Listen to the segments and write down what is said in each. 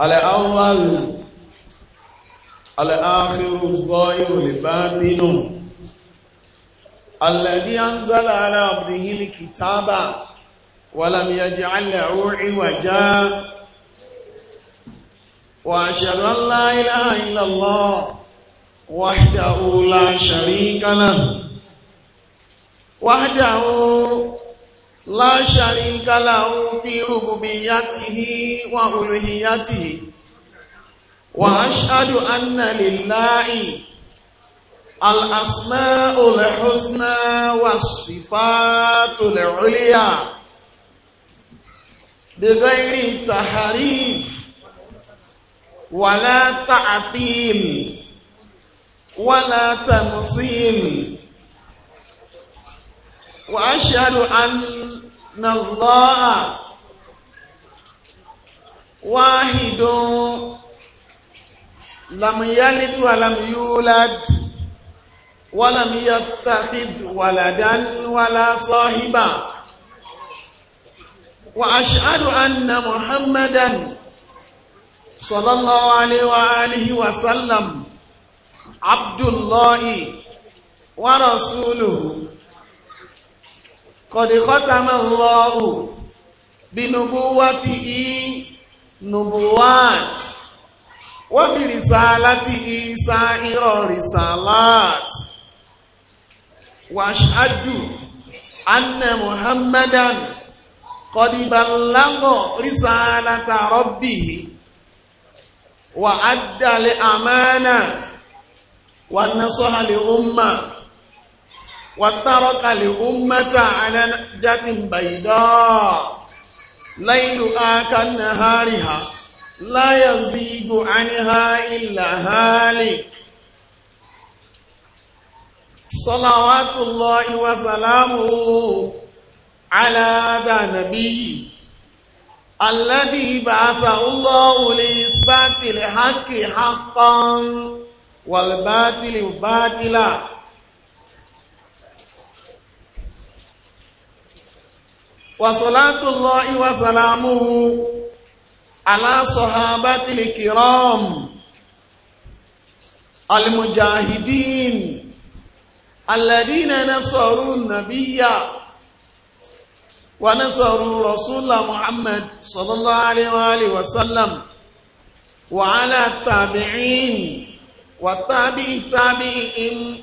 الاول الاخر الظاهر الباطن الذي انزل على عبده الكتاب ولم يجعل له عوجا وأشهد أن لا إله إلا الله وحده لا شريك له وحده لا شريك له في ربوبيته وألوهيته وأشهد أن لله الأسماء الحسنى والصفات العليا بغير تحريف ولا تعطيل ولا تمثيل وأشهد أن ان الله واحد لم يلد ولم يولد ولم يتخذ ولدا ولا صاحبا واشهد ان محمدا صلى الله عليه واله وسلم عبد الله ورسوله kọ̀dì kọ́tàmà lọ́rù bí nùbúwá ti yí nùbúwáàtì wọ́n bí rìsàálá ti yí sa ìrọ̀ rìsàáláàtì wàṣájú anna muhammadan kọ̀dì balagọ̀ rìsàálá ta rọ́bì wà á àmánà wà nasọ́hàlẹ̀ umma وترك الأمة على نجة بيضاء ليلها كنهارها لا يزيد عنها إلا هالك صلوات الله وسلامه على هذا نبيه الذي بعثه الله لإثبات الحق حقا والباطل باطلا وصلاة الله وسلامه على صحابة الكرام المجاهدين الذين نصروا النبي ونصروا رسول محمد صلى الله عليه وآله وسلم وعلى التابعين وتابع تابعهم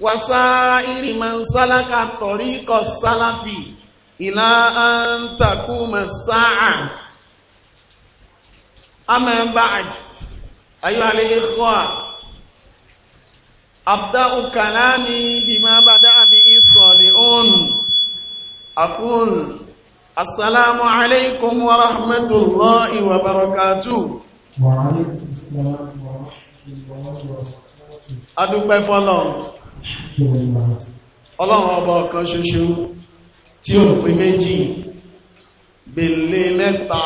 وسائر من سلك طريق السلفي ìlà àǹtakù mẹ́sàá amẹ́bàj ayọ́lẹ́ ìkọ́à abda'u kalami bima bada'a bi isali'un aqul assalamu alaykum wa rahmatullahi wa barakatuh wa alaykum assalam wa rahmatullahi wa barakatuh adúpẹ́ fọ́lọ́run ọlọ́run ọba ọ̀kan ṣoṣo tí ó pé méjì belé mẹ́ta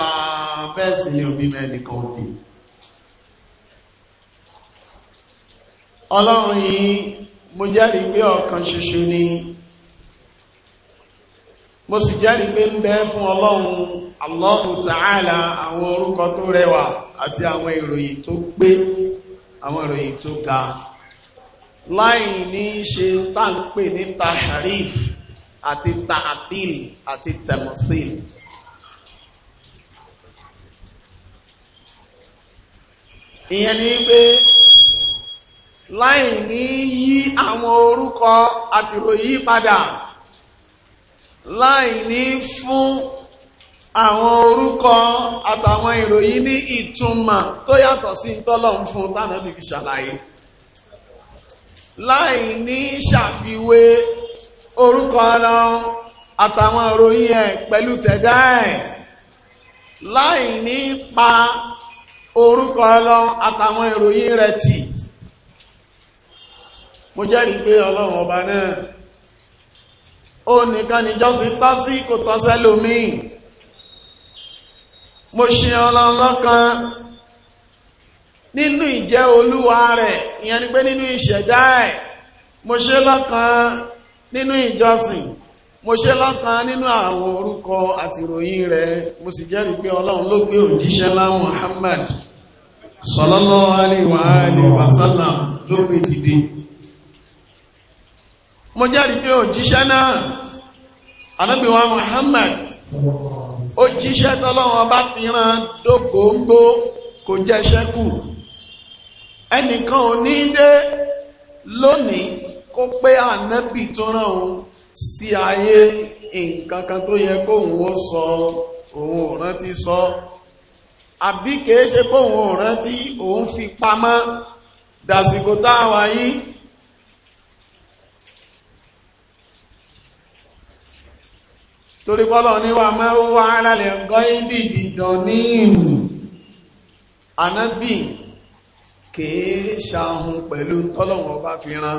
bẹ́ẹ̀ sì ni òbí mẹ́nìkan òbí ọlọ́run yìí mo jẹ́rìí pé ọ̀kan ṣoṣo ni mo sì jẹ́rìí pé ń bẹ fún ọlọ́run Allahu Ta'ala àwọn orúkọ tó rẹwà àti àwọn ìròyìn tó pé àwọn ìròyìn tó ga láì ní ṣe tá pè ní taharif àti tààtìl àti tẹ̀mọ̀síl ìyẹn ni pé láì ní yí àwọn orúkọ àti ròyìn padà láì ní fún àwọn orúkọ àtàwọn ìròyìn ní ìtumọ̀ tó yàtọ̀ sí tọ́lọ́run fún tánàbí fi ṣàlàyé láì ní ṣàfiwé orúkọ ọlọ àtàwọn ìròyìn ẹ̀ pẹ̀lú tẹ̀dá ẹ̀ láì ní pa orúkọ ọlọ àtàwọn ìròyìn rẹ̀ tì mo jẹ́rìí pé ọlọ́run ọba náà ó nìkan níjọ́sìn tásí kò tọ́sẹ́ lómìn mo ṣe ọlọ́run lọ́kan nínú ìjẹ́ olúwa rẹ̀ ìyẹn ni pé nínú ìṣẹ̀dá ẹ̀ mo ṣe lọ́kan nínú ìjọsìn mo ṣe lọ́kan nínú àwọn orúkọ àti ìròyìn rẹ̀ mo sì jẹ́rìí pé ọlọ́run ló gbé òjíṣẹ́ lá Muhammad sallallahu alaihi wa sallam ló gbé dìde mo jẹ́rìí pé òjíṣẹ́ náà ànábì Muhammad ó jíṣẹ́ tọ́lọ́wọ́n bá fi rán dókòógbó kò jẹ́ ṣẹ́kù ẹnìkan ò ní dé lónìí kó pé ànábì tó rán òun sí ayé nǹkan kan tó yẹ kóhun ó sọ òun ò rántí sọ àbí kìí ṣe kóhun ò rántí òun fi pamọ́ dàsìkò táwa yìí torí bọ́lọ̀ níwà máa ó wá alálẹ̀ ọgọ́ ibi ìdìdàn ní ìmù anábì kìí ṣàhun pẹ̀lú tọ́lọ̀wọ̀n bá fi rán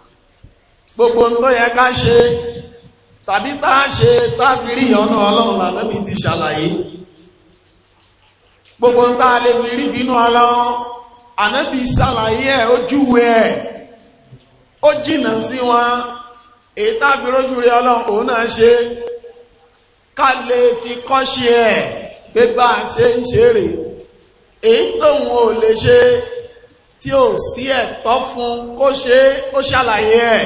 gbogbo tó yẹ ká ṣe tàbí tá a ṣe tábìrí ọ̀nà ọlọ́run lànàbí ti ṣàlàyé gbogbo tá a lè fi rí bínú ọlọ́run ànábì ṣàlàyé ẹ̀ ojúwe ẹ̀ ó jìnà sí wọn èyí tábìrójú rí ọlọ́run òun náà ṣe ká lè fi kọ́ ṣe ẹ̀ pé bá a ṣe ń ṣeré èyí tóun ò lè ṣe tí ò sí ẹ̀tọ́ fún kó ṣe ó ṣàlàyé ẹ̀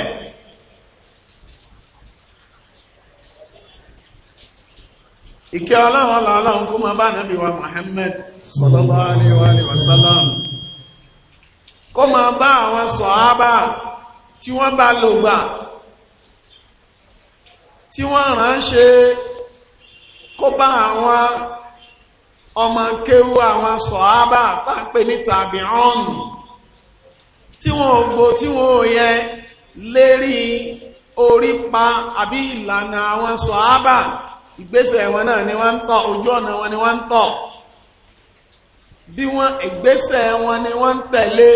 ìkẹ́ ọlọ́run ọlọ́run kó máa bá nàbí wa Muhammad sallallahu alaihi wa sallam kó máa bá àwọn sọ̀hábà tí wọ́n bá lò gbà tí wọ́n ránṣẹ́ kó bá àwọn ọmọ kéwú àwọn sọ̀hábà tàpé ní tàbí ọ̀nù tí wọ́n ògbò tí wọ́n òye lérí orípa àbí ìlànà àwọn sọ̀hábà ìgbésẹ̀ wọn náà ni wọ́n ń tọ̀ ojú ọ̀nà wọn ni wọ́n ń tọ̀ bí wọ́n ìgbésẹ̀ wọn ni wọ́n ń tẹ̀lé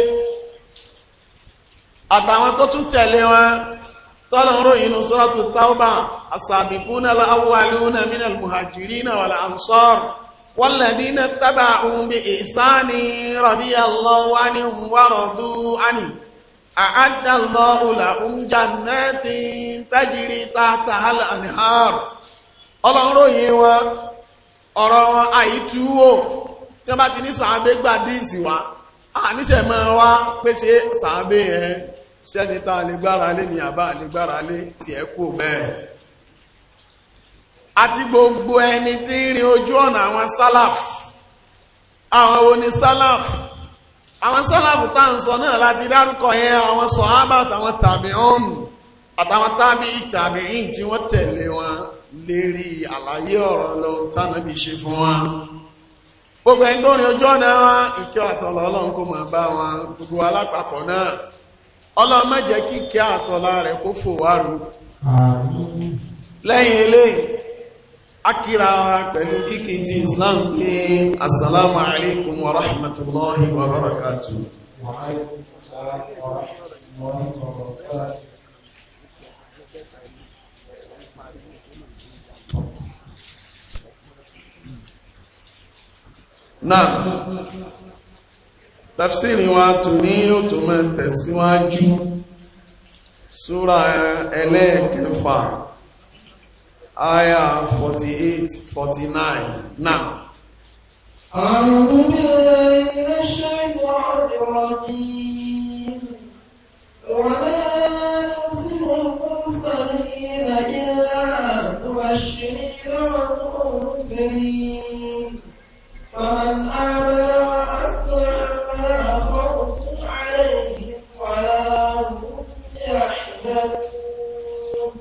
àtàwọn tó tún tẹ̀lé wọn tọ́lọ̀rọ̀ inú sọ́rọ̀tù taubá asàbìkúnà láwọ́wàlúnà mínà muhajirina wà láàánsọ́r wọ́lẹ̀dínà tàbà ohun bí ìsáni rọ̀bí allọ́wà ní wọ́rọ̀dú ánì àádàlọ́wùlà oúnjẹ náà ti tajiri tàtà hal anhar ọlọ́run ròyìn wọn ọ̀rọ̀ wọn àìtúwò tí wọ́n bá ti ní sàábé gbà díìsì wá àníṣẹ́ mọ́ wá pé ṣe sàábé yẹn sẹ́nitá alégbáralé ni àbá alégbáralé tí ẹ kú bẹ́ẹ̀ àti gbogbo ẹni tí ń rin ojú ọ̀nà àwọn sálàf àwọn wo ni sálàf àwọn sálàf tá ń sọ náà láti dárúkọ yẹn àwọn sọ̀hábà àtàwọn tàbí ọ̀nù àtàwọn tábí ìtàbí yìí tí wọ́n tẹ̀lé wọn lérí àlàyé ọ̀rọ̀ lọ tánàbí ṣe fún wọn gbogbo ẹni tó rìn ojú ọ̀nà wọn ìkẹ́ àtọ̀lọ́ ọlọ́run kó gbogbo alápapọ̀ náà ọlọ́run má Kike kí rẹ̀ kó fò wárú lẹ́yìn ilé akíra pẹ̀lú kíkí ti Islam pé asalamu alaikum wa rahmatullahi wa wa náà tafsiri wa tún ní yóò tún mẹ́ tẹ̀síwájú súra ẹlẹ́ẹ̀kẹfà aya 48-49 náà أعوذ بالله من الشيطان الرجيم وما سليم فمن آمن وأصلح فلا خوف عليهم ولا هم يحزنون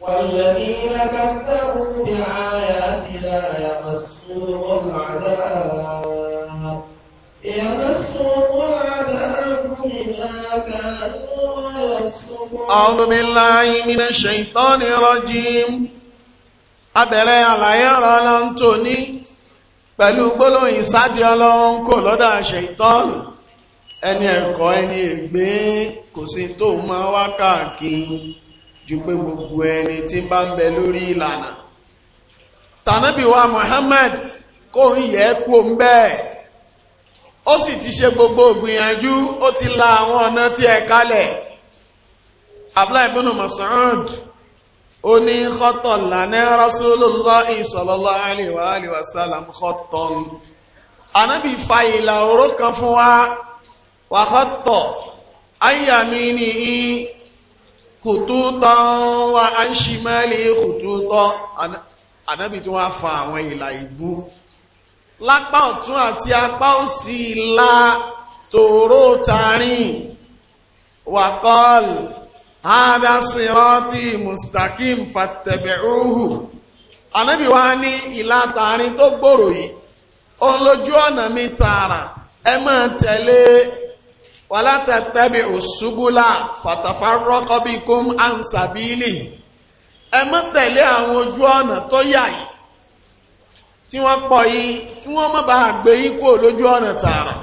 والذين كذبوا بآياتنا يمسهم العذاب يمسهم العذاب بما كانوا يفسقون أعوذ بالله من الشيطان الرجيم abẹ̀rẹ̀ àlàyé ọ̀rọ̀ ọlọ́run tó ní pẹ̀lú gbólóhùn ìsádi ọlọ́run kò lọ́dà ṣèitọ́ọ̀nù ẹni ẹ̀kọ́ ẹni ègbé kò sí tó máa wá káàkiri ju pé gbogbo ẹni tí bá ń bẹ lórí ìlànà tànábì wa Muhammad kò ń yẹ kó ń bẹ́ẹ̀ ó sì ti ṣe gbogbo ìgbìyànjú ó ti la àwọn ọ̀nà tí ẹ̀ kalẹ̀ Abdullahi ibn Mas'ud ó ní kọ́tọ̀ lànà Rasulullahi sallallahu alaihi wa sallam kọ́tọ̀ anábì fa ìlà òró kan fún wa wà kọ́tọ̀ ayyàmí ni í kùtútọ́ wa an ṣimẹ́lì kùtútọ́ anábì tí wọ́n fa àwọn ìlà ìbú lápá ọ̀tún àti apá òsì ìlà tòró tarin wà kọ́ọ̀lù ha sírátì mustakim fattabi'uhu anábì wá ní ìlàtàrin tó gbòrò yìí òun lójú ọ̀nà mi tààrà ẹ máa tẹ̀lé wala tattabi'u subula fatafarraqa bikum an sabili ẹ má tẹ̀lé àwọn ojú ọ̀nà tó yà yìí tí wọ́n pọ̀ yìí kí wọ́n má bàa gbé yín kúrò lójú ọ̀nà tààrà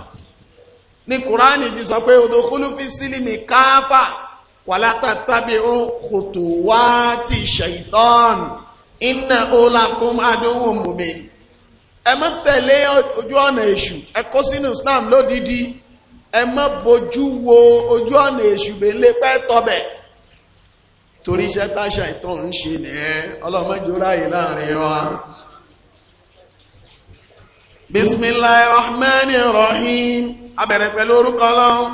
ní sọ pé udkhulu fi sílímì káfà wàlá tàbí ó kòtò wá ti ṣàìtọ́n iná olákún adóhùn mùmí ẹ má tẹ̀lé ojú ọ̀nà èṣù ẹ kó sínú Islam lódìdí ẹ má bojú wo ojú ọ̀nà èṣù belé pẹ́ tọ́bẹ̀ torí iṣẹ́ tá ṣàìtọ́n ń ṣe nìyẹn ọlọ́mọjú ráyè láàrin wa bismillahir rahmanir rahim orúkọ ọlọ́run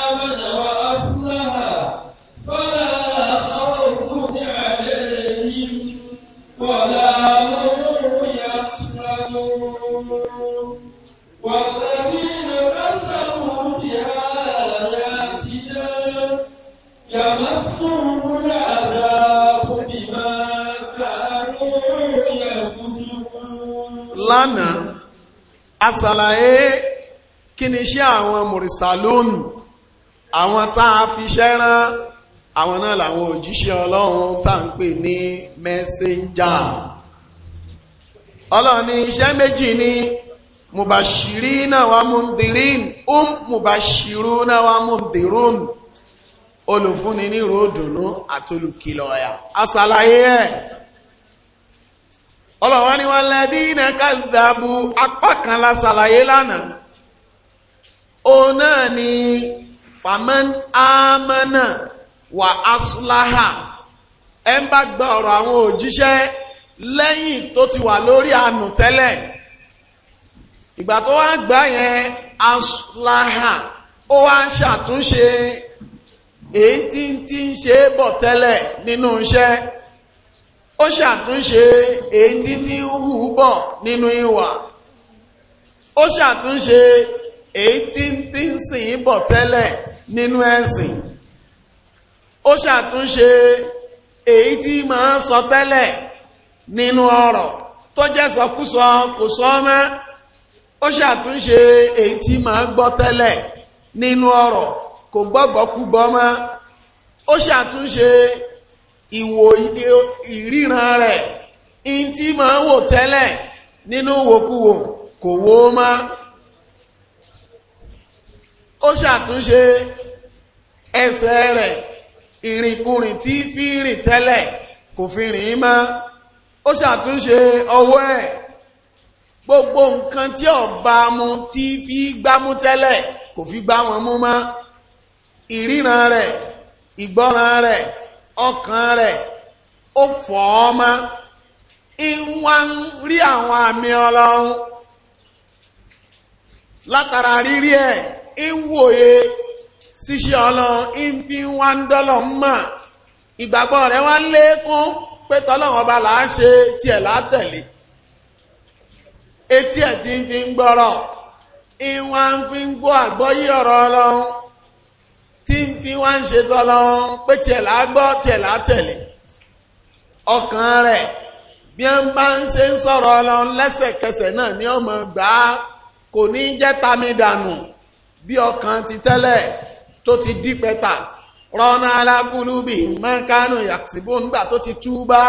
lánàá asàlàyé kí ni iṣẹ́ àwọn mùrìsàlónù àwọn tá a fi iṣẹ́ rán àwọn náà làwọn òjíṣẹ́ ọlọ́run tá ń pè ní mẹ́sẹ́njà ọlọ́run ní iṣẹ́ méjì ní mùbàṣírínà wa mùndìrín um mùbàṣírúnà wa mùndìrún olùfúnni ní ìròdùnú àtolùkìlọ̀ ọ̀yà asàlàyé ẹ̀ ọlọ́wọ́ ni wọ́n lẹ́dí iná kàzàbù apá kan la ṣàlàyé lánàá òun náà ni faman amana wa aslaha ẹ ń bá gba ọ̀rọ̀ àwọn òjíṣẹ́ lẹ́yìn tó ti wà lórí àánú tẹ́lẹ̀ ìgbà tó wá gbà yẹn aslaha ó wá ń ṣàtúnṣe èyí tí ń ṣe é bọ̀ tẹ́lẹ̀ nínú iṣẹ́ ó ṣàtúnṣe èyí títí hù bọ̀ nínú ìwà ó ṣàtúnṣe èyí tí ń sìn bọ̀ tẹ́lẹ̀ nínú ẹ̀sìn ó ṣàtúnṣe èyí tí máa sọ tẹ́lẹ̀ nínú ọ̀rọ̀ tó jẹ́ sọkúsọ kò sọ mọ́ ó ṣàtúnṣe èyí tí máa gbọ́ tẹ́lẹ̀ nínú ọ̀rọ̀ kò gbọ́gbọ́kúgbọ́ mọ́ ó ṣàtúnṣe ìwò ìríran rẹ̀ in tí ma ń wò tẹ́lẹ̀ nínú wòkúwò kò wó má ó ṣàtúnṣe ẹsẹ̀ rẹ̀ ìrìnkúrìn tí fi rìn tẹ́lẹ̀ kò fi rìn má ó ṣàtúnṣe ọwọ́ ẹ̀ gbogbo nǹkan tí ó mu tí fi gbámú tẹ́lẹ̀ kò fi gbá wọn mú má ìríran rẹ̀ ìgbọ́ràn rẹ̀ ọkàn rẹ̀ ó fọ́ ọmọ ìwà ń rí àwọn àmì ọlọ́run látara rírí ẹ̀ ìwòye ṣíṣe ọlọ́run ìbí wá ń dọ́lọ̀ mọ̀ ìgbàgbọ́ rẹ̀ wá ń lékún pé tọ́lọ́wọ́n ọba là á ṣe tiẹ̀ látẹ̀lé etí ẹ̀ ti ń fi ń gbọ́rọ̀ ìwà ń fi ń gbọ́ àgbọ́yé ọ̀rọ̀ ọlọ́run tí wọ́n ń ṣe tọ́lọ́run pé tiẹ̀ lágbọ́ tiẹ̀ látẹ̀lé ọkàn rẹ̀ bí wọ́n bá ń ṣe ń sọ̀rọ̀ ọlọ́run lẹ́sẹ̀kẹsẹ̀ náà ni ọmọ gbà á kò ní jẹ́ tami dànù bí ọkàn ti tẹ́lẹ̀ tó ti dí pẹ́ta rọ́nà alágúlúbì mọ́kánù yàksìbó nígbà tó ti túbá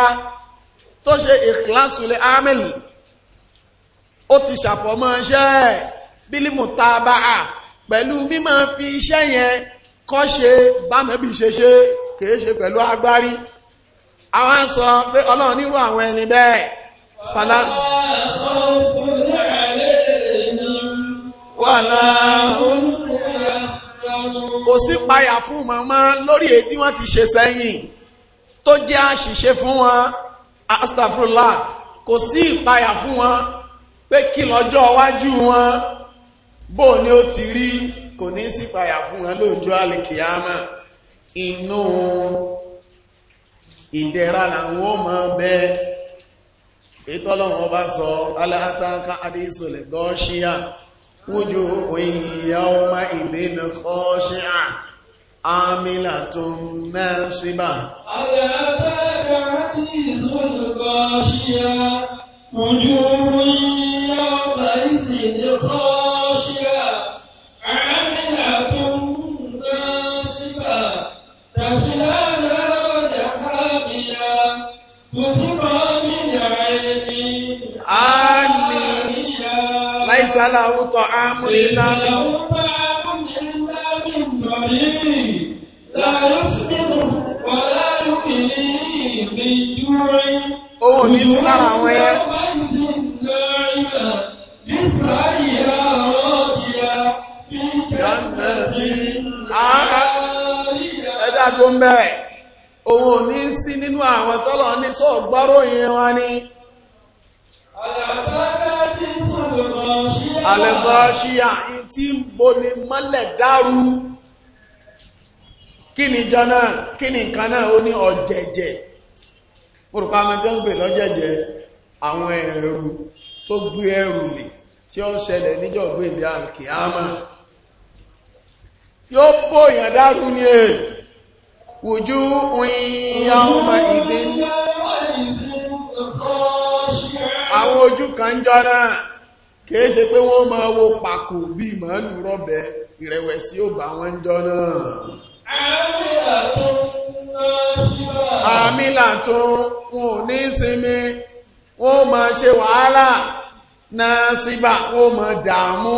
tó ṣe ìkìláṣùlẹ̀ amẹ́lì ó ti ṣàfọ̀mọ́ iṣẹ́ bílímù a pẹ̀lú mímọ̀ fi iṣẹ́ yẹn kọ́ ṣe bánàbí ṣe ṣe kìí ṣe pẹ̀lú agbárí àwọn sọ pé ọlọ́run nírú àwọn ẹni bẹ́ẹ̀ fàlá kò sí payà fún màmá lórí èyí tí wọ́n ti ṣe sẹ́yìn tó jẹ́ àṣìṣe fún wọn astagfirullah kò sí ìpayà fún wọn pé kí lọ́jọ́ iwájú wọn bó ní ó ti rí kò ní sí payà fún wọn lọ́jọ́ alìkìyàmà inú ìdẹ̀ra làwọn ó mọ́ bẹ́ ìtọ́lọ́wọ́n bá sọ aláàtàkà adéṣòlẹ̀ gọ́ṣíà wójú òyìnyà ọmọ ìdínà gọ́ṣíà àmìlà tó mẹ́ aláàtàkà adéṣòlẹ̀ gọ́ṣíà wójú ليس له طعام إلا من ضريع لا يسمن ولا يغني من جوع ó ní sí lára àwọn ẹyẹ ẹ̀dá òun ò ní sí nínú àwọn tọ́lọ̀ ní sọ́ọ̀gbárò yẹn wá ní alẹ́gbọ́ṣíyà tí ń bó ni mọ́lẹ̀ dárú kí ni jọ náà kí ni nǹkan náà ó ní ọ̀jẹ̀jẹ̀ pòrùpá mẹ́tẹ́ ń pè lọ́jẹ̀jẹ̀ àwọn ẹ̀rù tó gbé ẹ̀rù lè tí ó ṣẹlẹ̀ níjọ̀gbé ìbí yóò bó dárú ẹ̀ e. wùjú àwọn ojú kan jọ náà kìí ṣe pé wọ́n máa wo pàkó bí màálù rọ́bẹ̀ ìrẹ̀wẹ̀sí ò bá wọn jọ náà àmìlà tó wọn ò ní sinmi wọ́n máa ṣe wàhálà náà síbà wọ́n máa dààmú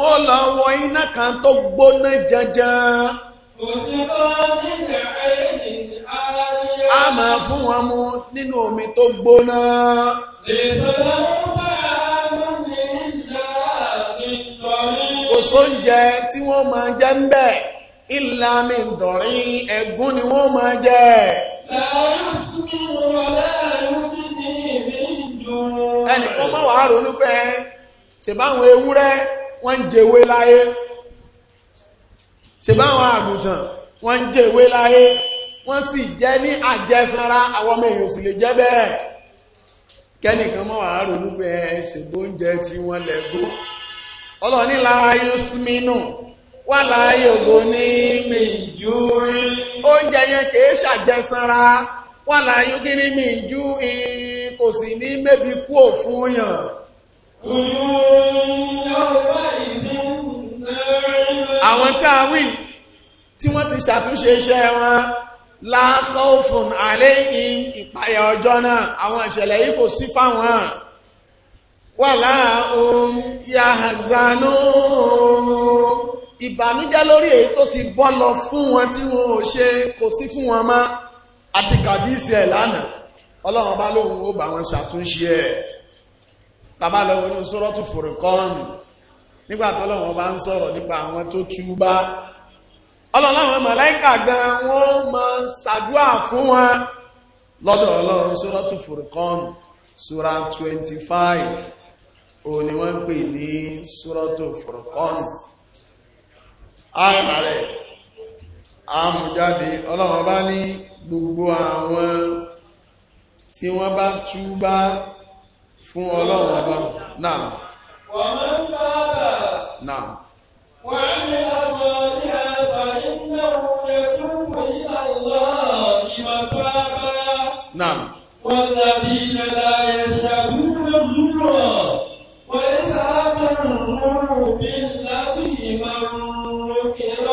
wọ́n lọ wọ iná kan tó gbóná janjan kò sí bá nílẹ̀ máa fún wọn mú nínú omi tó gbóná. Kò sóúnjẹ tí wọ́n máa jẹ ń bẹ̀, ìlàmì ìdọ̀rin ẹ̀gún ni wọ́n máa jẹ. Ẹnì kan mọ́ wàá ronú pé ṣèbáwọn ewúrẹ́ wọ́n ń jẹwé láyé. Ṣèbáwọn àgùntàn wọ́n ń jẹwé láyé wọ́n sì jẹ́ ní àjẹsára àwọn ọmọ èèyàn sì lè jẹ́ bẹ́ẹ̀ kẹ́nìkan mọ́ àárò lúgbẹ́ ṣègbó oúnjẹ tí wọ́n lẹ́gbó ọlọ́ni láàáyé símínú wà láàáyé ògbó ní mìjúrí oúnjẹ yẹn kìí ṣàjẹsára wà láàáyé kí ní mìjú kò sì ní mẹ́bí kú òfún àwọn tí wọ́n ti ṣàtúnṣe iṣẹ́ wọn láàkọ́fún àléyìn ìpayà ọjọ́ náà àwọn ìṣẹ̀lẹ̀ yìí kò sí fáwọn wà láàrùn yàzánú ìbànújẹ́ lórí èyí tó ti bọ́ lọ fún wọn tí wọn ò ṣe kò sí fún wọn mọ́ àti kàbíìsì ẹ̀ lánàá ọlọ́run bá lóhun ó bá wọn ṣàtúnṣe ẹ̀ tàbá lọ wọnú sọ́rọ́tù fòrìkọ́ọ̀nù nígbà tọ́lọ́run bá ń sọ̀rọ̀ nípa àwọn tó túbá ọlọ́láwọn màláíkà gan wọ́n máa ṣàdúà fún wọn lọ́dọ̀ ọlọ́run Suratul Furqan sura 25 o ni wọ́n pè ní Suratul Furqan ayàmà rẹ̀ amújáde ọlọ́run bá ní gbogbo àwọn tí wọ́n bá túbá fún ọlọ́run ọba náà wọ́n mọ́ ń نعم والذين لا يشهدون الزور وإذا مروا بالذي من نكر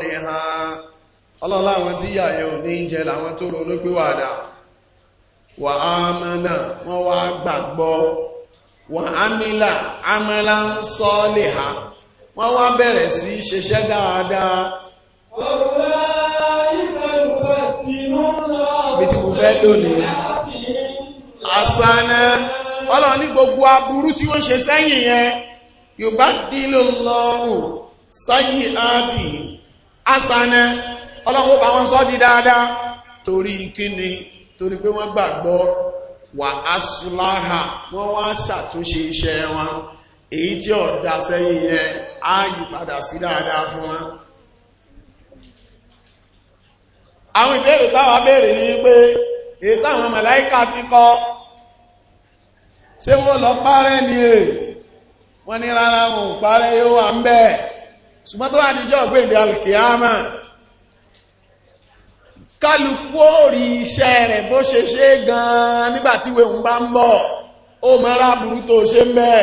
lè ha ọlọ́lá àwọn tí yà ẹ̀ ní jẹ làwọn tó ronú pìwàdà wà á wọ́n wá gbàgbọ́ wà á ń sọ lè ha wọ́n wá bẹ̀rẹ̀ sí ṣeṣẹ́ dáadáa bí tí mo ọlọ́run ní gbogbo aburú tí wọ́n ṣe sẹ́yìn yẹn yóò asane ọlọ́run bá wọn sọ́ di dáadáa torí kíni torí pé wọ́n gbàgbọ́ wà asùláhà wọ́n wá ṣàtúnṣe iṣẹ́ wọn èyí tí ó dá sẹ́yìn yẹn sí dáadáa fún wọn àwọn ìbéèrè táwà béèrè ní pé èyí mẹ̀láíkà ti kọ ṣé wọ́n lọ párẹ́ ni wọ́n ní rárá wọn párẹ́ yóò wà ń bẹ́ẹ̀ ṣùgbọ́n tó wà níjọ́ ọ̀gbẹ̀dẹ̀ alkiyama kálukú orí iṣẹ́ rẹ̀ bó ṣe ṣe gan-an nígbàtí ìwé òun bá ń bọ̀ ó mẹ́rà burú tó ṣe ń bẹ̀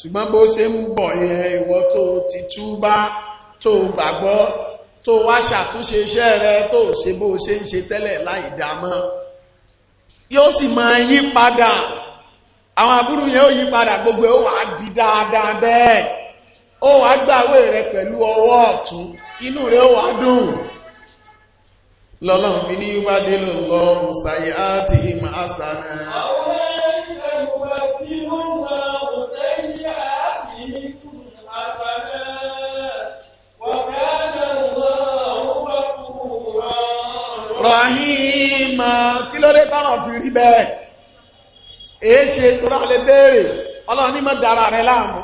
ṣùgbọ́n bó ṣe ń bọ̀ yẹn ìwọ tó ti túbá tó gbàgbọ́ tó wá ṣàtúnṣe iṣẹ́ rẹ̀ tó ṣe bó ṣe ń ṣe tẹ́lẹ̀ láì dámọ́ yóò sì máa yí padà àwọn àbúrú yẹn ó yí padà gbogbo ó wà á di dáadáa bẹ́ẹ̀ ó wá gbàwé rẹ pẹ̀lú ọwọ́ ọ̀tún inú rẹ wà wá dùn lọ́lọ́run fi ní wádé lọ́rùn sàyẹ́ àti ìmọ̀ àsànà rọ̀hìmọ̀ kí ló dé tọ́rọ̀ fi rí bẹ́ẹ̀ èé ṣe tó rálẹ̀ béèrè ọlọ́run ní ma dára rẹ̀ láàmú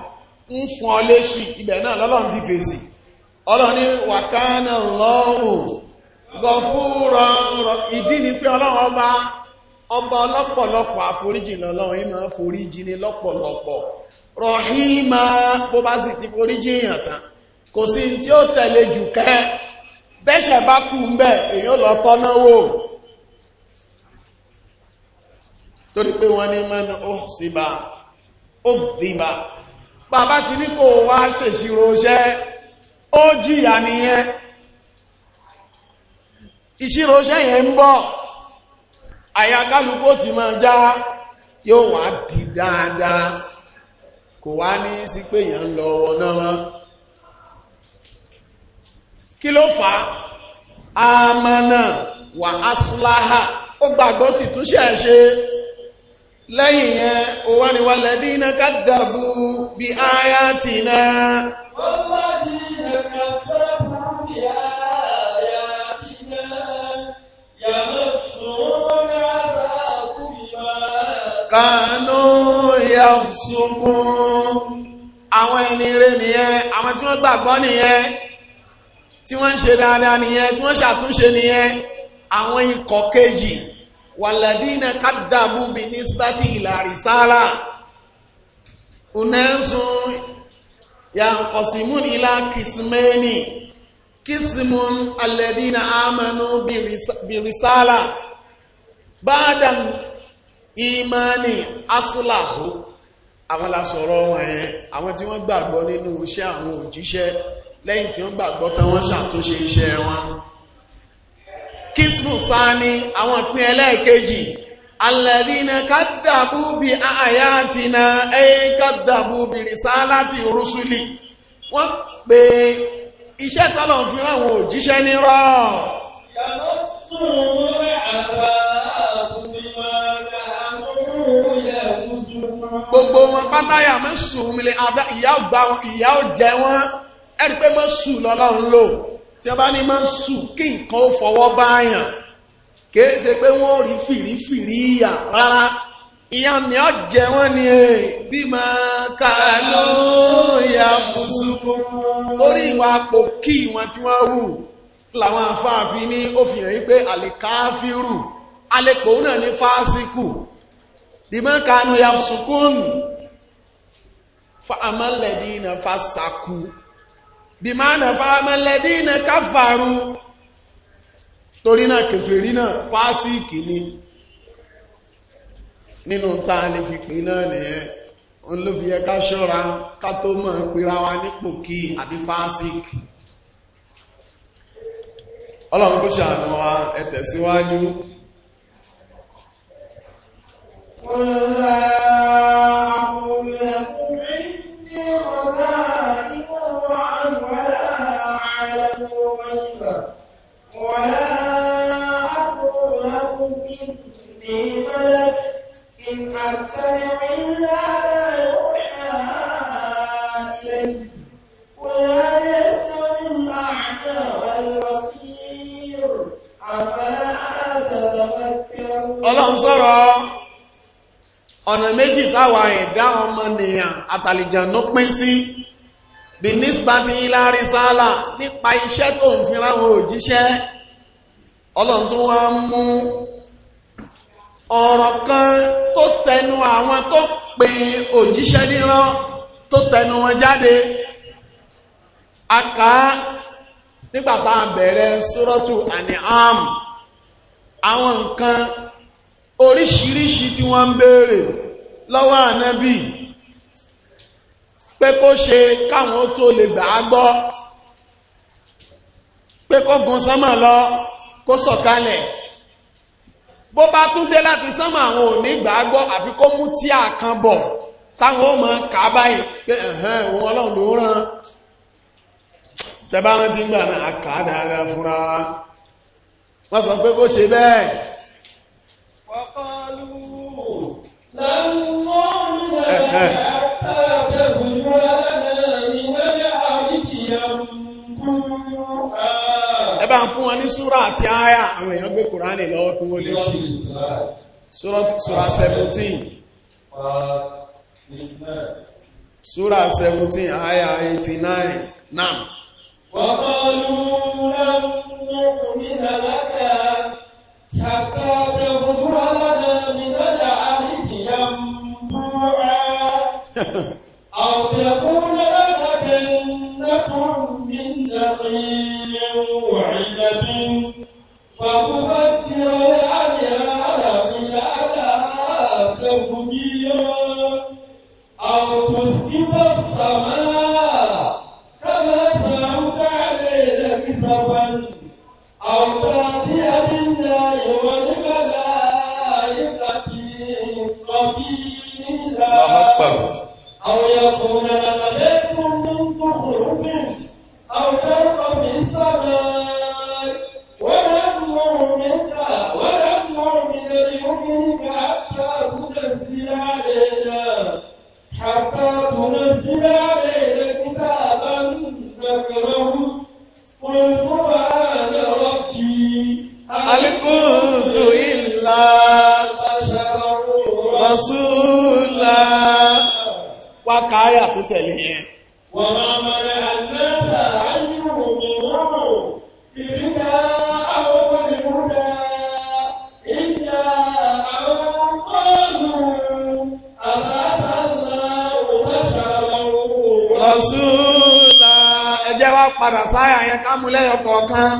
ń fún ọ léṣì ibẹ̀ náà lọ́lọ́run ti fèsì ọlọ́run ní wàkánà lọ́rùn gọfúrọ̀ ìdí ni pé ọlọ́run ọba ọba ọlọ́pọ̀lọpọ̀ àforíjì lọ́lọ́run ìmọ̀ àforíjì ni lọ́pọ̀lọpọ̀ bó bá ti foríjì èèyàn tán kò sí tí ó jù kẹ́ bẹ́ṣẹ̀ bá kú ń bẹ̀ èèyàn lọ tọ́náwó bàbá ti ní kò wá ṣèṣirò iṣẹ́ ó jìyà nìyẹn ìṣirò iṣẹ́ yẹn ń bọ̀ àyàkálùkù ti máa já yóò wá di dáadáa kò wá ní sí pé èèyàn lọ ọ̀nà wọn kí ló fà á wà asúláhà ó gbàgbọ́ sì túnṣẹ́ ṣe lẹ́yìn yẹn ó wá ní wà lẹ́dí iná ká dàbú بآياتنا والذين كذبوا بآياتنا يمسهم عذاب بما كانوا يفسقون àwọn ẹni rere nìyẹn àwọn tí wọ́n gbàgbọ́ nìyẹn tí wọ́n ń ṣe dáadáa nìyẹn tí wọ́n ṣàtúnṣe nìyẹn àwọn ikọ̀ kejì wàlàdínà unasun yanqasimun ila kismeni kismun alladhina amanu birisala ba'da imani aslahu àwọn la sọ̀rọ̀ wọn yẹn àwọn tí wọ́n gbàgbọ́ nínú iṣẹ́ àwọn òjíṣẹ́ lẹ́yìn tí wọ́n gbàgbọ́ tán wọ́n ṣàtúnṣe iṣẹ́ wọn kismu sani àwọn pín ẹlẹ́ẹ̀kejì alẹ́dínà kádàbú bí àyà àti na ẹ̀yẹ kádàbú bí rìsáálà ti rúṣùlì wọ́n pè iṣẹ́ tọ́lọ̀ fi ráwọn òjíṣẹ́ nírọ́ gbogbo wọn pátáyà mẹ́sùn ilẹ̀ ìyá ò jẹ wọn ẹ̀rí pé mẹ́sùn lọ́lọ́run lò tí a bá ní mẹ́sùn kí nǹkan ó fọwọ́ báyàn kìí ṣe pé wọ́n rí fìrífìrí ìyà rárá ìyà ni ó jẹ wọ́n ni e. bí máa ká ló yà fúsùkú lórí ìwà àpò kí wọn tí wọ́n hù làwọn afáàfin ní ó fi hàn pé àlèkáfírù alẹ́pò náà ní fásikù bí máa ká ló yà fúsùkún fàmàlẹ́dínà fásakú bí máa nà fàmàlẹ́dínà káfàrú torí náà kèfèrí náà fásíkì ni nínú ta lè fi pè náà nìyẹn òun ló fi yẹ ká ṣọ́ra ká tó mọ̀ pera wa nípò kí àbí fásíkì ọlọ́run kó ṣàánú wa ẹ̀tẹ̀síwájú Ọlọ́run إن أتبع إلا ما يوحى إلي قل هل يستوي الأعمى والبصير أفلا تتذكرون Ọlọ́run sọ̀rọ̀ ọ̀nà méjì táwa ẹ̀dá ọmọnìyàn àtàlìjànú pín sí bí nísbàtí ìlàrí sáàlà nípa iṣẹ́ tó ń fi ráwọn òjíṣẹ́ Ọlọ́run tún wá ń mú ọ̀rọ̀ kan tó tẹnu àwọn tó pe òjíṣẹ́ nírọ́ tó tẹnu wọn jáde a kà á nígbà tá a bẹ̀rẹ̀ sórọ́tù An'am àwọn nǹkan oríṣiríṣi tí wọ́n ń béèrè lọ́wọ́ ànábì pé kó ṣe káwọn ó tó lè gbà á gbọ́ pé kó gun sánmà lọ kó sọ̀kalẹ̀ bó bá tún dé láti sánmà àwọn òní gbàgbọ́ àfi kó mú tí a kan bọ̀ táwọn ó mọ kà báyìí pé ẹ̀hẹ́n òun ọlọ́run ló rán tẹ́bá rántí gbà náà kà dáadáa fúnra wọ́n sọ pé kó ṣe bẹ́ẹ̀ ẹ̀hẹ́n ẹbá fún wọn ní súrà àti àyà àwọn èèyàn gbé kùránì lọ́wọ́ kí wọ́n lè ṣe súrà 17 súrà 17 àyà 89 náà وقالوا لن نؤمن لك حتى تغفر لنا من الأرض ينبوعا أو تكون لك جنة لكم من نخيل وعنب فتفجر الأنهار خلالها تفجيرا أو تسقط السماء كما سألت علينا كسفا أو تأتي بالله والملائكة قبيلا أو يكون ka àyà tó tẹ̀lé yẹn. wọ́n máa mọ̀ ní àgbẹ̀ta ẹjẹ́ wa padà sáyà yẹn ká mú lẹ́yọ kọ̀ọ̀kan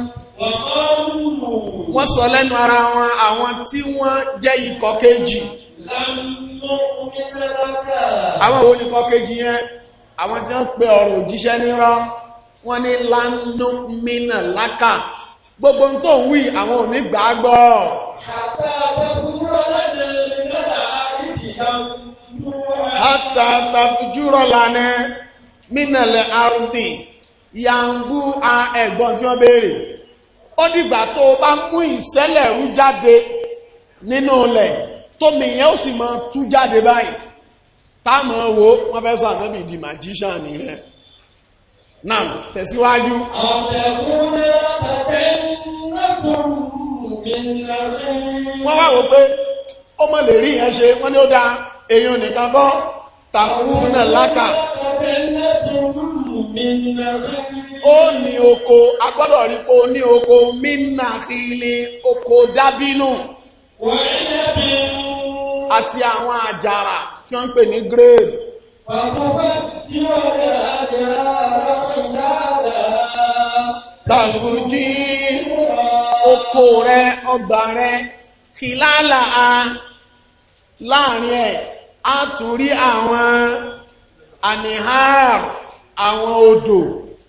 wọ́n sọ lẹ́nu ara wọn àwọn tí wọ́n jẹ́ ikọ̀ kejì. kejì yẹn àwọn tí wọ́n pe ọ̀rọ̀ òjíṣẹ́ nírọ́ wọ́n ní lánú mínà lákà gbogbo tó ń wí àwọn ò ní gbàgbọ́ hátà tàfijúrọ̀ lánàá mínàlẹ̀ àrùdì yàǹgbú a ẹ̀gbọ́n tí wọ́n béèrè ó dìgbà tó bá mú ìṣẹ̀lẹ̀ rú jáde nínú ilẹ̀ tómi yẹn ó sì máa tú jáde báyìí táàmù wo wọ́n fẹ́ sọ ànábì di magician nìyẹn náà tẹ̀síwájú wọ́n wá wò pé ó mọ̀ lè rí yẹn ṣe wọ́n ní ó nìkan ó ní oko rí pé ó ní oko mínà oko dábínú wọ́n àti àwọn àjàrà tí wọ́n ń pè ní grape tàbí oko rẹ̀ ọgbà rẹ̀ kìlálà a láàrin ẹ̀ a tún rí àwọn àníhàr àwọn odò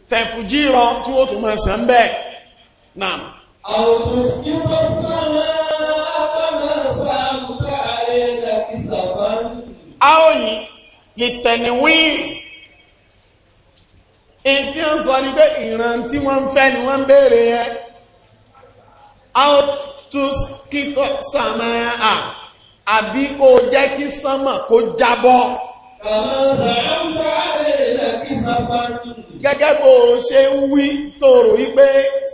tẹ̀fùjírọ tí ó tún mọ̀ sàn bẹ́ẹ̀ àwọn òṣìṣẹ́ áò yìí lìtẹ̀niwíì ìdí ń sọ ní pé ìran tí wọ́n ń fẹ́ ni wọ́n ń béèrè yẹn áò tún kíkọ́ sàmà à àbí kó jẹ́ kí sánmà kó jábọ́ gẹ́gẹ́ bó ṣe ń wí tó wípé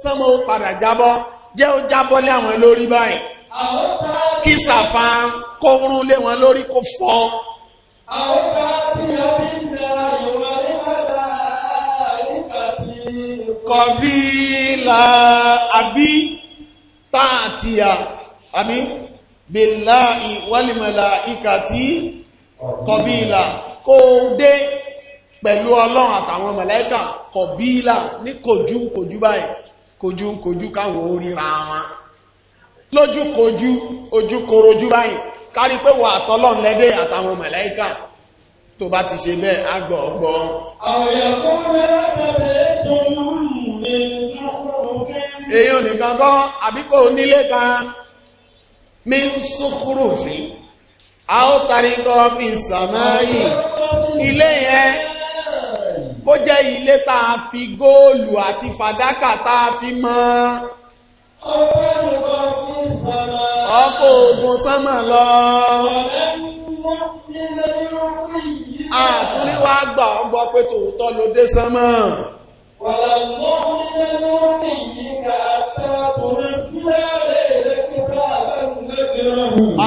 sánmà ó padà jábọ́ jẹ́ ó jábọ́ lé àwọn lórí báyìí kí sàfà kó rún lé wọn lórí kó fọ́ kọ̀bílà àbí táàtìyà àmì bèlá ìwálìmọ̀lá ìkà tí kọ̀bílà kó dé pẹ̀lú ọlọ́run àtàwọn mẹ̀lẹ́kà kọ̀bílà ní kojú kojú báyìí kojú kojú káwọn oríra wọn lójú kojú ojú korojú báyìí kárí pé wà àtọ́lọ́n lẹ́dẹ́ àtàwọn mẹ̀lẹ́ìkà tó bá ti ṣe bẹ́ẹ̀ àgbọ̀ ọgbọ́ èyàn nìkan kọ́ àbíkò onílé kan mi ń súnkúrò fi a ó tarí kọ́ fi sàmáyì ilé yẹn kó jẹ́ ilé tá a fi góòlù àti fàdákà tá fi mọ́ ọ̀pẹ́ fi sàmáyì ọkọ̀ ogun sánmà lọ àtúríwá gbà ọgbọ́ pé tòótọ́ ló dé sánmà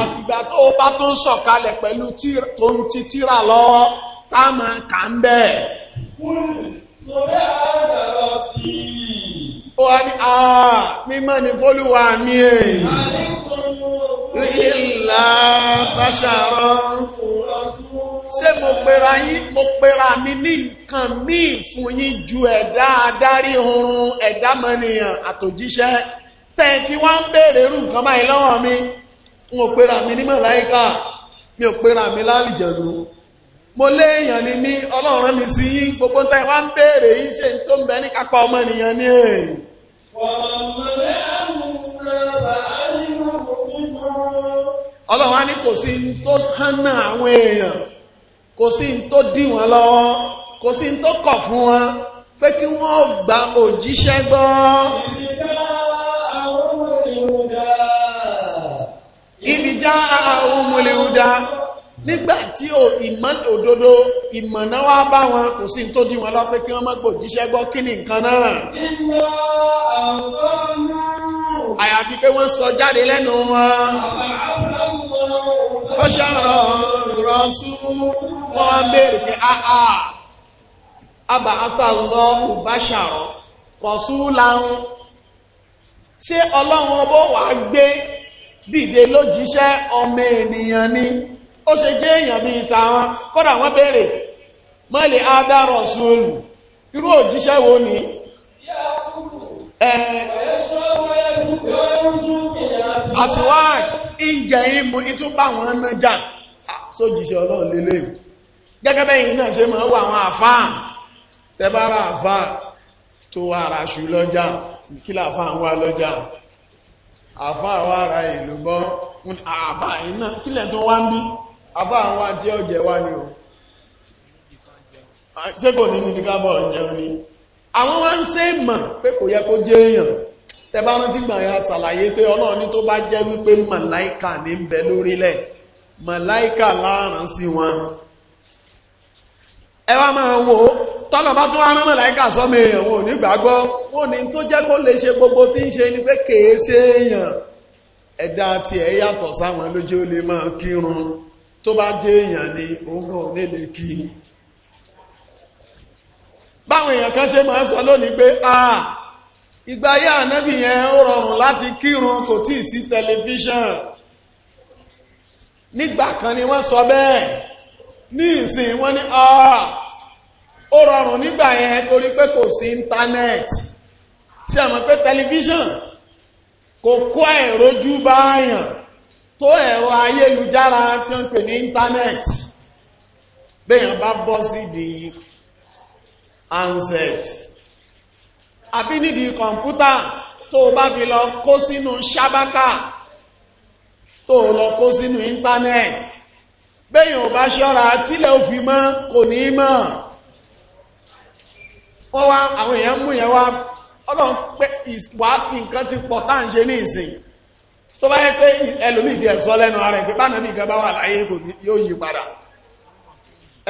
àtìgbà tó bá tó ń sọ̀kalẹ̀ pẹ̀lú tó ń ti tírà lọ́wọ́ táàmà kà ń bẹ́ẹ̀ ó wá ní àà mímọ́ ni fólúwà mí èèyàn e ìlà báṣàrọ̀ ṣé mo pera yín mo pera mi ní nǹkan míì fún yín ju ẹ̀dá adarí oorun ẹ̀dá mọ́nìyàn àtòjíṣẹ́ tẹ́ ẹ fi wá ń béèrè rú nǹkan báyìí lọ́wọ́ mi n ò pera mi ní màláíkà mi ò pera mi lálìjẹ̀dù mo léèyàn ni mí ọlọ́run mi sí yín gbogbo tẹ́ wá ń béèrè yín ṣe tó ń bẹ ní kápá ọmọnìyàn ní èè. wọ́n ọlọ́run á ní kò sí tó hánà àwọn èèyàn kò sí tó dì wọ́n lọ́wọ́ kò sí tó kọ̀ fún wọn pé kí wọ́n gba òjíṣẹ́ gbọ́ ìdíjá àwọn ọmọlẹ́wúdá nígbà tí ó ìmọ̀ òdodo ìmọ̀ná wá bá wọn kò sí tó dì wọ́n lọ pé kí wọ́n má gba gbọ́ kí ni nǹkan náà àyàfi pé wọ́n sọ jáde lẹ́nu wọn ó ṣàrọ̀ rọ́sú wọ́n bèèrè pé àà àbà àtàlọ́ ìbáṣàrọ̀ rọ̀sú láhún ṣé ọlọ́run ọbọ̀ wà gbé dìde lójíṣẹ́ ọmọ ènìyàn ni ó ṣe jẹ́ èèyàn bí i tàwọn kọ́dà wọ́n bèèrè mọ́lẹ̀ ádá rọ̀sú olù irú òjíṣẹ́ wo ni àsìwáàk ìjẹ̀ ìmú ìtúbà wọn nájà ah, sójíṣẹ́ ọlọ́run lélẹ̀ gẹ́gẹ́ bẹ́yìn náà ṣe máa wà àwọn àfáà tẹbára àfáà tó wà ràṣù lọ́jà kílà ra ìlú bọ́ ah, àfáà iná kílẹ̀ tó wá ń bí àfáà wà tí ọjẹ́ àwọn wá ń ṣe mọ̀ pé kò yẹ kó jẹ́ èèyàn tẹbá rántí gbà ya ṣàlàyé pé ọlọ́run ní tó bá jẹ́ wípé màláìkà ní ń bẹ lórílẹ̀ màláìkà láàrán sí wọn ẹ wá máa wò ó tọ́nà bá tún wá rán màláìkà sọ́mọ èèyàn wọn ò ní gbàgbọ́ wọn ò ní tó jẹ́ kó lè ṣe gbogbo tí ń ṣe ni pé kèé ṣe èèyàn ẹ̀dá àti ẹ̀ yàtọ̀ sáwọn lójú ó lè máa kírun tó bá jẹ́ èèyàn ni òun kàn ní lè kí báwọn èèyàn kan ṣe máa ń sọ lónìí pé ah ìgbà ayé ànábì yẹn ó rọrùn láti kírun kò tí sí tẹlifíṣàn nígbà kan ni wọ́n sọ bẹ́ẹ̀ ní ìsìn wọ́n ní ah ó rọrùn nígbà yẹn torí pé kò sí íńtánẹ́ẹ̀tì ṣé àmọ́ pé tẹlifíṣàn kò kó àìrójú báyàn tó ẹ̀rọ ayélujára tí wọ́n pè ní íńtánẹ́ẹ̀tì béèyàn bá bọ́ sí di handset àbí nídìí kọ̀ǹpútà tó o bá fi lọ kó sínú ṣábákà tó o lọ kó sínú íńtánẹ́ẹ̀tì bẹ́yìn ò bá ṣọ́ra tílẹ̀ ò fi mọ́ kò ní mọ̀ wọ́n wá àwọn èèyàn mú yẹn wá ọlọ́run pé ìwà nǹkan ti pọ̀ tá à ń ṣe ní ìsìn tó bá yẹ pé ẹlòmíì ti ẹ̀sọ́ lẹ́nu ara ẹ̀ pé bá nàbí ìgbà bá wà láyé kò yóò yí padà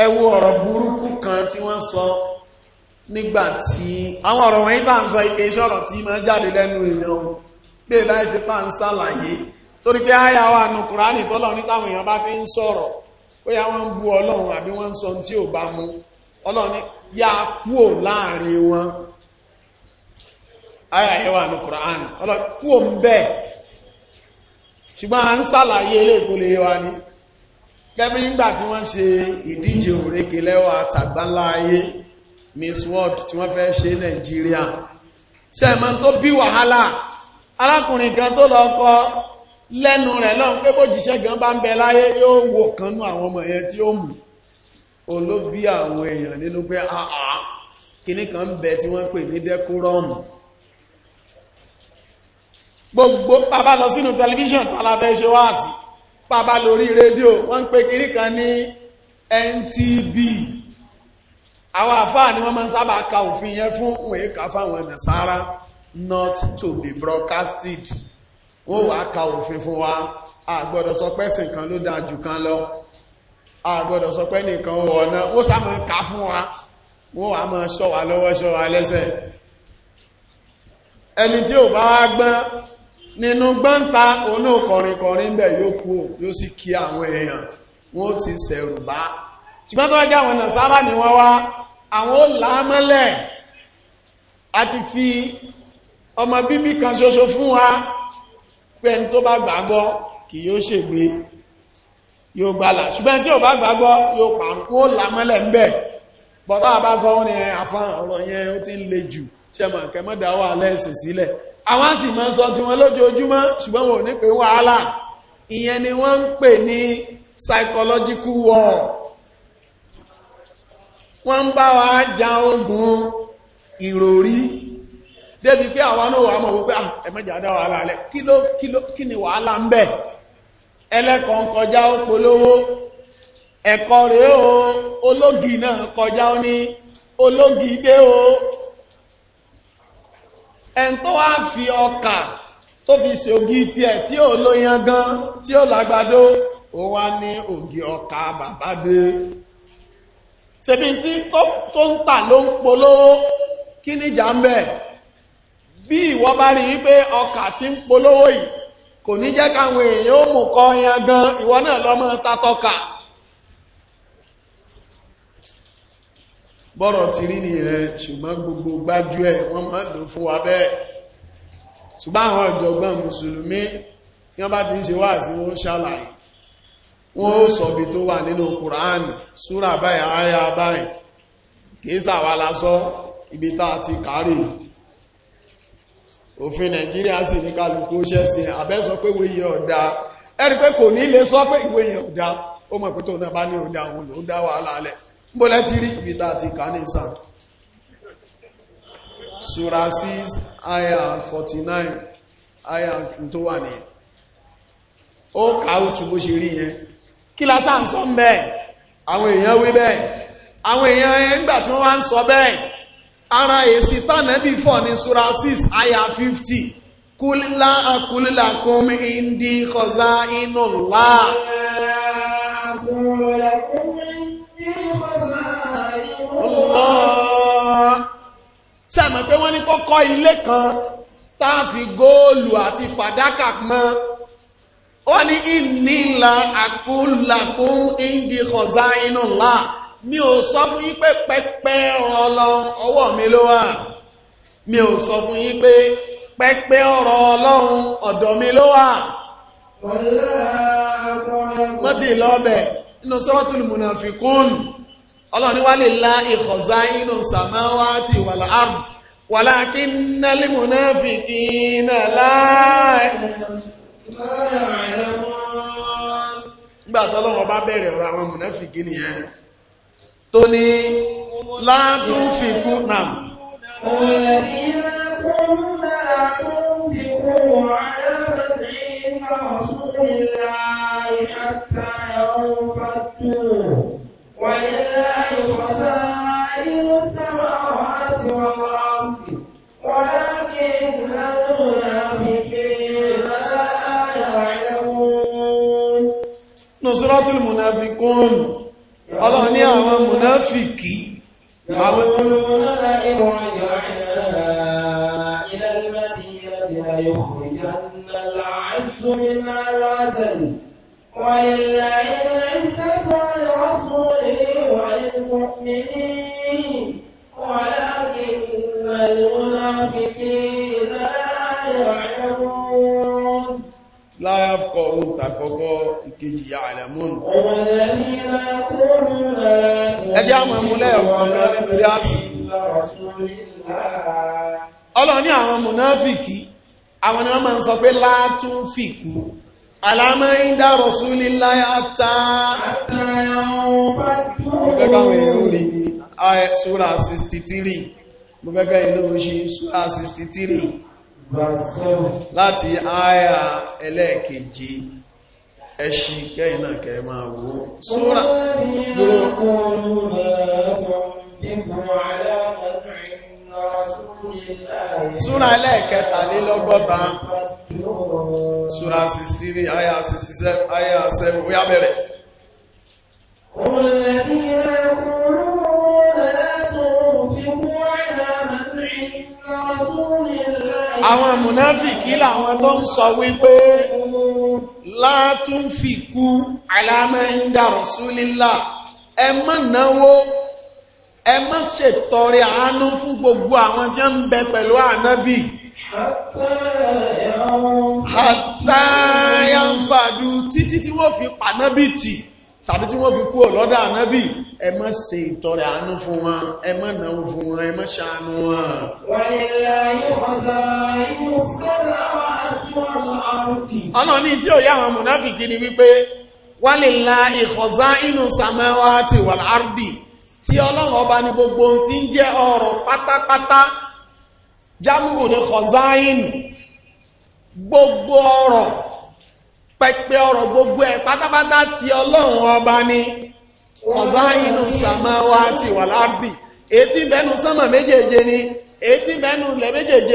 ẹ wo ọ̀rọ̀ burúkú kan tí wọ́n sọ nígbàtí àwọn ọ̀rọ̀ wọ̀nyí tàà ń sọ iṣẹ́ ọ̀rọ̀ tí ma jáde lẹ́nu èèyàn pé báyìí sí pàà ń sàlàyé torí pé àyà wà nù kùránì tọ́lọ̀ ní táwọn èèyàn bá ti ń sọ̀rọ̀ pé ya wọ́n ń bú ọlọ́run àbí wọ́n ń sọ tí ò bá mú ọlọ́run yá kúò láàrin wọn àyà yẹ wà nù kùránì kúò ń bẹ́ẹ̀ ṣùgbọ́n à ń sàlàyé ilé ìkólé wa ni gẹ́gẹ́ bí nígbà tí wọ́n ṣe ìdíje òrékelẹ́wà tàgbáńlá ayé Miss World tí wọ́n fẹ́ ṣe Nàìjíríà ṣẹ́mọ́ tó bí wàhálà arákùnrin kan tó lọ kọ lẹ́nu rẹ̀ lọ́n pé bó jíṣẹ́ gan bá ń bẹ láyé yóò wò kánú àwọn ọmọ yẹn tí ó mú olóbí àwọn èèyàn nínú pé àà kìní kan bẹ tí wọ́n pè ní dẹ́kúrọ́mù gbogbo bàbá lọ sínú tẹlifíṣàn tàlàfẹ́ ṣe wáàsí bàbá lórí rédíò wọ́n ń pè kìní kan ní NTB àwọn àfáà ni wọ́n máa sábà ka òfin yẹn fún òun èka fáwọn Nàsárà not to be broadcasted wọ́n wá ka òfin fún wa àgbọ́dọ̀ sọ pé ẹ̀sìn kan ló dáa jù kan lọ àgbọ́dọ̀ sọ pé nìkan wọ̀ ọ̀nà ó sáà máa ka fún wa wọ́n wá máa ṣọ́ wa lọ́wọ́ ṣọ́ wa lẹ́sẹ̀ ẹni tí ò bá wá gbọ́n nínú gbọ́nta oní kọrinkọrin bẹ̀ yóò kú yóò sì kí àwọn èèyàn wọ́n ti ṣẹ̀rù bá ṣùgbọ́n tó wá jẹ́ àwọn Nàsárà ni wọ́n wá àwọn ó làámọ́lẹ̀ àti fi ọmọ bíbí kan ṣoṣo fún wa pẹ́ni tó bá gbàgbọ́ kì yóò ṣègbé yóò gbàlà ṣùgbọ́n tí ò bá gbàgbọ́ yóò pàrún ó làámọ́lẹ̀ ń bẹ̀ bọ́tá àbá sọ wọn ni àfán ọ̀rọ̀ yẹn ó ti ń le jù ni psychological war wọ́n ń bá wa já ogun ìròrí débi pé àwa náà wà mọ̀ wípé ah, ẹ̀mẹ́jà dá wàhálà alẹ́ kí ló kí ló kí ni wàhálà ń bẹ ẹlẹ́kọ̀ọ́ kọjá ó polówó ẹ̀kọ́ rẹ̀ o ológi náà kọjá ó ní ológi dé o ẹn tó wá fi ọkà tó fi ṣe ògì tiẹ̀ tí ó lóyan tí ó lágbàdo ó wá ní ògì ọkà bàbá dé ṣebí tí tó ń tà ló ń polówó kí ní jà ń bẹ̀ bí ìwọ bá rí wípé ọkà tí ń polówó yìí kò ní jẹ́ káwọn èèyàn ó mú kọ yan gan ìwọ náà lọ́mọ tatọ́ka bọ́rọ̀ ti rí nìyẹn ṣùgbọ́n gbogbo gbájú ẹ̀ wọ́n máa lò fún wa bẹ́ẹ̀ ṣùgbọ́n àwọn ọ̀jọ̀gbọ́n mùsùlùmí tí wọ́n bá ti ń ṣe wáàsí wọ́n ṣàlàyé wọ́n ó sọ bí tó wà nínú kùránì súrà báyìí àyà báyìí kìí sàwà lásọ́ ibi táà ti kàárì òfin nàìjíríà sì ní kálukú ṣẹ́sìn àbẹ́sọ pé wé yẹ sọ pé ìwé yẹ ọ̀dá ó mọ̀ pé tó náà bá ní ọ̀dá òun ló dá wà kí la sáà ń sọ bẹ́ẹ̀ àwọn èèyàn wí bẹ́ẹ̀ àwọn èèyàn ẹgbà tí wọ́n wá ń sọ bẹ́ẹ̀ ara èsì tánàbí fọ́ ní sura 6 aya 50 kúlá akúlá kún indi kọzá inú lá sẹ́mọ̀ pé wọ́n ní kọ́kọ́ ilé kan táàfi góòlù àti fàdákà mọ́ ó ní ìnílà àkúlàkún ìndí kọ̀zá inú ńlá mi ò sọ fún yín pé pẹ́pẹ́ ọlọ́run ọwọ́ mi ló wà mi ò sọ fún yín pé pẹ́pẹ́ ọ̀rọ̀ ọlọ́run ọ̀dọ̀ mi ló wà wọ́n ti lọ bẹ̀ inú suratul munafikun ọlọ́run ní wà lè la ìkọ̀zá inú samawati wal ard walakinnal nígbà tọ́lọ́wọ́ bá bẹ̀rẹ̀ ọ̀rọ̀ àwọn mùnáfìkì nìyẹn tó ní látún fìkú nàm وَإِلَّا يُقَتَائِلُ السَّمَاءِ رجعنا الى المدينه ليخرجن العز munafiki àwọn ولله العزة ولرسوله وللمؤمنين ولكن المنافقين لا يعلمون láàkọ̀ ohun tàkọ́kọ́ ìkejì àlẹ̀mọ́nù ẹjẹ́ àmọ́ ìmúlẹ̀ ọ̀kọ̀ọ̀kan nítorí àsìkò ọlọ́ni àwọn mùnáfìkì àwọn ni wọ́n máa ń sọ pé látún fìkú alámọ́ ìdá rọ̀súlì láyátá gbogbo ẹ̀rọ rí ní ṣúra 63 gbogbo ẹ̀rọ ṣe ṣúra 63 láti àyà ẹlẹ́ẹ̀kejì ẹṣì kẹ́yìnà kẹ́ máa wó sóra Súra ẹlẹ́ẹ̀kẹta lé lọ́gọ́ta, Súra 63, Aya 67, Aya 7, ó bẹ̀rẹ̀. Òun lẹ́bí àwọn mùnáfìkì làwọn tó ń sọ wípé látún fi kú alámẹ́ndà rọ̀súlélà ẹ má náwó ẹ má ṣètọrẹ àánú fún gbogbo àwọn tí ń bẹ pẹ̀lú ànábì àtàyànfàdù títí tí wọ́n fi pànábì tì tàbí tí wọ́n fi kú ọ̀lọ́dà ànábì ẹ má ṣe ìtọrẹ àánú fún wọn ẹ má náwó fún wọn ẹ má ṣàánú wọn ọ̀nà ní tí ó yá àwọn mùnáfìkì ni wípé wálìlá ìkọ̀zá inú sàmẹ́wà ti wà lárdì tí ọlọ́run ọba ní gbogbo tí ń jẹ́ ọrọ̀ pátápátá jámù ní kọ̀zá inú gbogbo ọrọ̀ pẹpẹ ọ̀rọ̀ gbogbo ẹ̀ pátápátá ti ọlọ́run ọba ni ọ̀zá inú sàmọ́ wa ti wà láàbì ètí bẹnu sánmà méjèèje ni ètí bẹnu lẹ̀ méjèèje